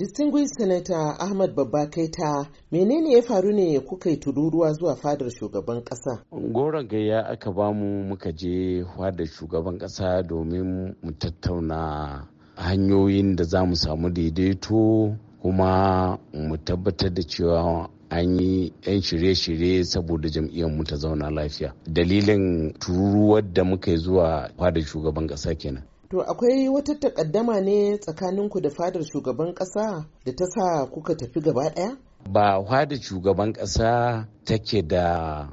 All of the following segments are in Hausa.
Distinguished Senator Ahmad Babba Kaita, menene ya faru ne kuka yi tururuwa zuwa fadar shugaban kasa? Goron gayya aka bamu muka je fadar shugaban kasa domin mu tattauna hanyoyin da za mu samu daidaito kuma mu tabbatar da cewa an yi 'yan shirye-shirye saboda jam'iyyar mu ta zauna lafiya dalilin tururuwar da muka yi zuwa fadar shugaban ƙasa kenan To akwai wata takaddama ne tsakaninku da fadar shugaban ƙasa da ta sa kuka tafi gaba ɗaya? Ba fadar shugaban ƙasa take da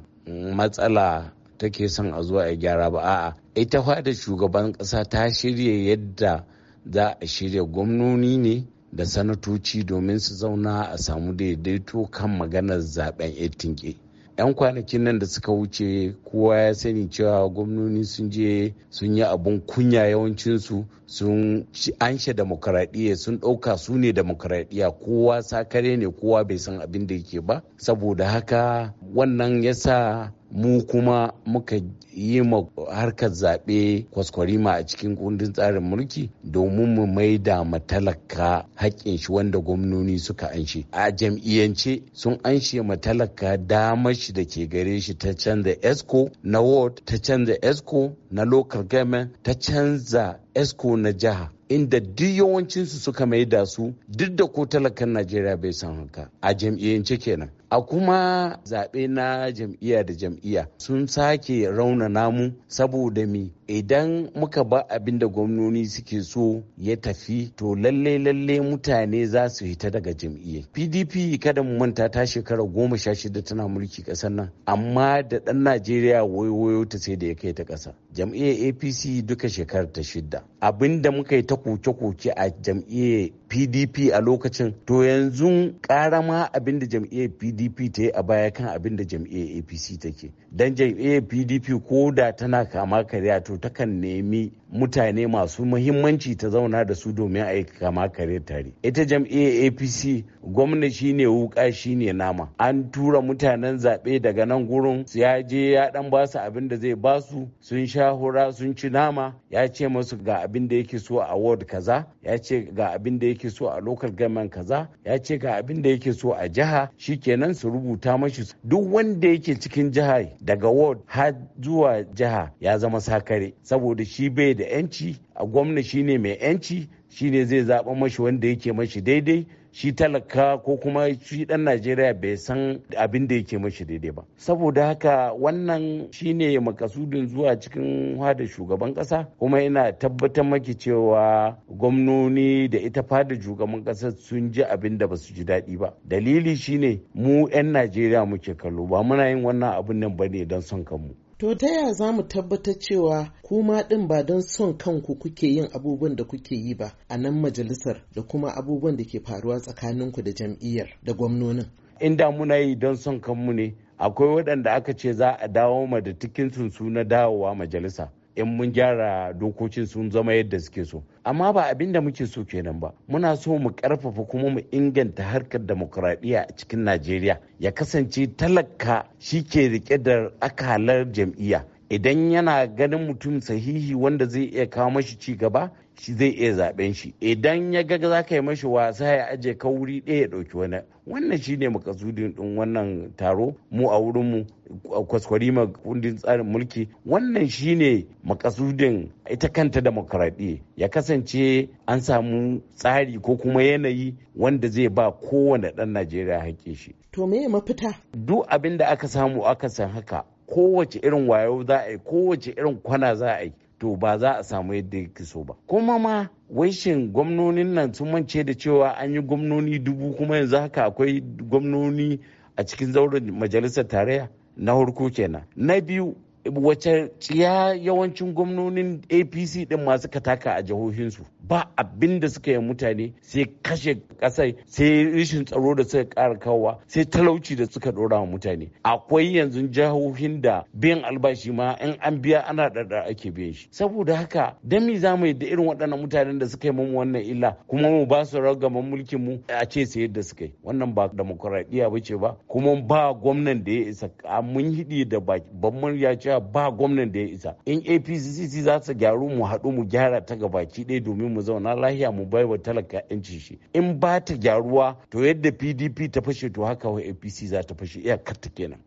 matsala take son a zuwa ya gyara ba a'a ita fadar shugaban ƙasa ta shirya yadda za a shirya gwamnoni ne da sanatoci domin su zauna a samu daidaito kan maganar zaben 18 'yan kwanakin nan da suka wuce kowa ya sani cewa gwamnoni sun je sun yi abun kunya yawancinsu sun anshe demokaradiyya sun ɗauka su ne demokaradiyya kowa sakare ne kowa bai san abin da yake ba saboda haka wannan yasa mu kuma muka yi ma harkar zaɓe kwaskwarima a cikin kundin tsarin mulki domin mu maida matalaka haƙƙin shi wanda gwamnoni suka anshe a jam'iyyance sun anshe matalaka damar shi da ke gare shi ta canza esco na ward ta canza esco na local government ta canza esco na jiha inda duk yawancinsu suka maida su duk da ko talakan najeriya bai san haka a jam'iyyance kenan a kuma zaɓe na jam'iyya da jam'iyya sun sake raunana mu saboda mi idan muka ba abin da gwamnoni suke so ya tafi to lalle lalle mutane za su hita daga jam'iyya pdp kada mu manta ta shekara goma sha shida tana mulki ƙasar nan amma da ɗan najeriya wayo ta sai da ya kai ta ƙasa jam'iyyar apc duka shekara ta shida abin da muka yi ta koke-koke a jam'iyyar pdp a lokacin to yanzu ƙara ma abin da jam'iyyar pdp ta yi a baya kan abin da jam'iyyar apc take dan jam'iyyar pdp ko da tana kama karya to takan nemi mutane masu muhimmanci ta zauna da su domin aika yi kama kare tare ita jam'iyyar apc gwamna shi shine wuka ne nama an tura mutanen zaɓe daga nan gurin ya je ya dan ba su abin da zai ba su sun sha hura sun ci nama ya ce masu ga abin da yake so a ward kaza ya ce ga abin da yake so a local government kaza ya ce ga abin da yake so a jiha shi shikenan su rubuta mashi duk wanda yake cikin jiha daga ward har zuwa jiha ya zama sakare saboda shi bai da yanci a gwamna shine mai yanci shine zai zaɓa mashi wanda yake mashi daidai shi talaka ko kuma shi dan najeriya bai san abin da yake mashi daidai ba saboda haka wannan shine makasudin zuwa cikin hada shugaban kasa kuma ina tabbatar maki cewa gwamnoni da ita fada shugaban kasa sun ji abin da basu ji daɗi ba dalili shine mu 'yan najeriya muke kallo ba muna yin wannan abin nan ba ne don son kanmu To ta yaya za mu tabbatar cewa ku ma ɗin ba don son kanku kuke yin abubuwan da kuke yi ba a nan majalisar da kuma abubuwan da ke faruwa tsakaninku da jam'iyyar da gwamnonin? Inda muna yi don son kanmu ne, akwai waɗanda aka ce za a dawo ma da tikinsu na dawowa majalisa. in mun gyara dokokin sun zama yadda suke so amma ba abin da muke so kenan ba muna so mu karfafa kuma mu inganta harkar demokuraɗiyya a cikin najeriya ya kasance talaka shi ke rike da akalar jam'iyya idan yana ganin mutum sahihi wanda zai iya kawo mashi ci gaba shi zai iya zaben shi idan ya ga za ka yi mashi wasa ya aje ka wuri ɗaya ya ɗauki wani wannan shi ne makasudin ɗin wannan taro mu a wurinmu kwaskwari ma kundin tsarin mulki wannan shi ne makasudin ita kanta demokaradiyya ya kasance an samu tsari ko kuma yanayi wanda zai ba kowane ɗan najeriya haƙƙin shi to me mafita duk abin da aka samu aka san haka kowace irin wayo za a yi kowace irin kwana za a yi to ba za a samu yadda yake so ba kuma ma shin gwamnonin nan sun mance da cewa an yi gwamnoni dubu kuma yanzu haka akwai gwamnoni a cikin zauren majalisar tarayya na harko kenan na biyu wace ciya yawancin gwamnonin apc din masu kataka a jihohinsu ba abin da suka yi mutane sai kashe kasai sai rishin tsaro da suka kara kawa sai talauci da suka ɗora wa mutane akwai yanzu jihohin da biyan albashi ma in an biya ana dada ake biyan shi saboda haka dan mi za mu yi da irin waɗannan mutanen da suka yi mamu wannan illa kuma mu ba su ragaman mulkin mu a ce sai yadda suka yi wannan ba demokuraɗiyya ba ce ba kuma ba gwamnan da ya isa mun hidi da babban murya cewa najeriya ba gwamnan da ya isa in apcc za ta gyaru mu haɗu mu gyara ta gabaki ɗaya domin mu zauna lahiya mu baiwa talaka yanci shi in ba ta gyaruwa to yadda pdp ta fashe to haka wa apc za ta fashe iyakar ta kenan